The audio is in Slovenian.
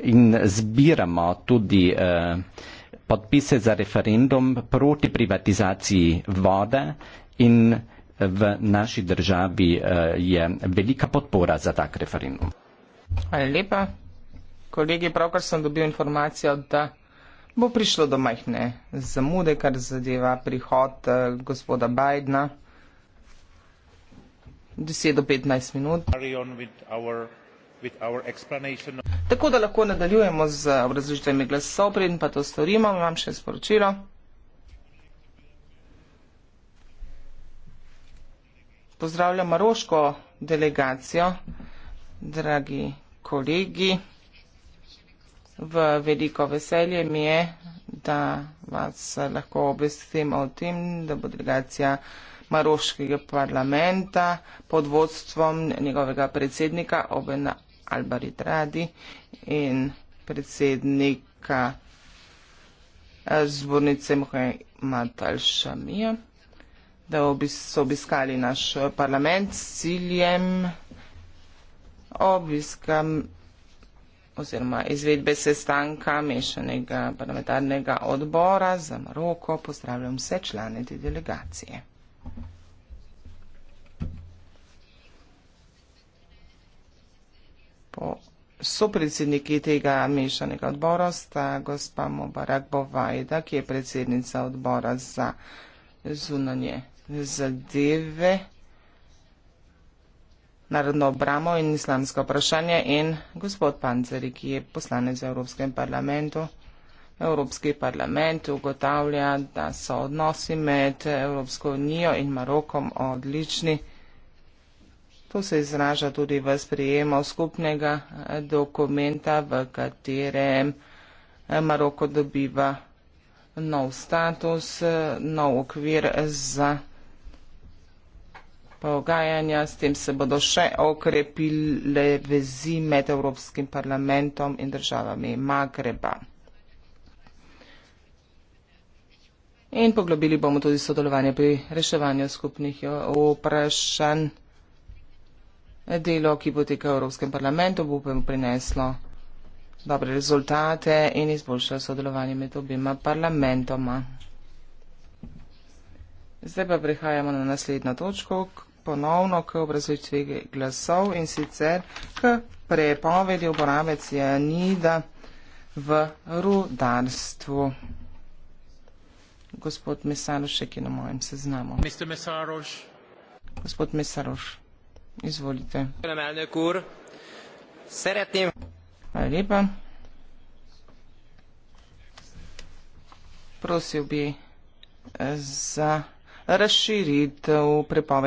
in zbiramo tudi eh, podpise za referendum proti privatizaciji vode in v naši državi eh, je velika podpora za tak referendum. Hvala lepa. Kolegi, pravkar sem dobil informacijo, da bo prišlo do majhne zamude, kar zadeva prihod eh, gospoda Bajdna. 10 do 15 minut. Tako da lahko nadaljujemo z obrazložitvami glasov, preden pa to storimo, imam še sporočilo. Pozdravljam maroško delegacijo, dragi kolegi. V veliko veselje mi je, da vas lahko obvestim o tem, da bo delegacija maroškega parlamenta pod vodstvom njegovega predsednika Obena Albaritradi in predsednika eh, zbornice Mohamed Al-Shamija, da so obiskali naš eh, parlament s ciljem obiska oziroma izvedbe sestanka mešanega parlamentarnega odbora za Maroko. Pozdravljam vse člane te delegacije. sopredsedniki tega mešanega odbora sta gospa Mubarak Bovajda, ki je predsednica odbora za zunanje zadeve, narodno obramo in islamsko vprašanje in gospod Panceri, ki je poslanec v Evropskem parlamentu. Evropski parlament ugotavlja, da so odnosi med Evropsko unijo in Marokom odlični. To se izraža tudi v sprejemu skupnega eh, dokumenta, v katerem eh, Maroko dobiva eh, nov status, nov okvir za pogajanja. S tem se bodo še okrepile vezi med Evropskim parlamentom in državami Magreba. In poglobili bomo tudi sodelovanje pri reševanju skupnih vprašanj delo, ki poteka v Evropskem parlamentu, bo prineslo dobre rezultate in izboljšalo sodelovanje med obima parlamentoma. Zdaj pa prehajamo na naslednjo točko, k, ponovno k obrazovitvi glasov in sicer k prepovedi uporabe cianida v rudarstvu. Gospod Mesaroš, še ki na mojem seznamu. Gospod Mesaroš köszönöm elnök úr szeretném prosil bi eh, za razširitev prepovedi glifosata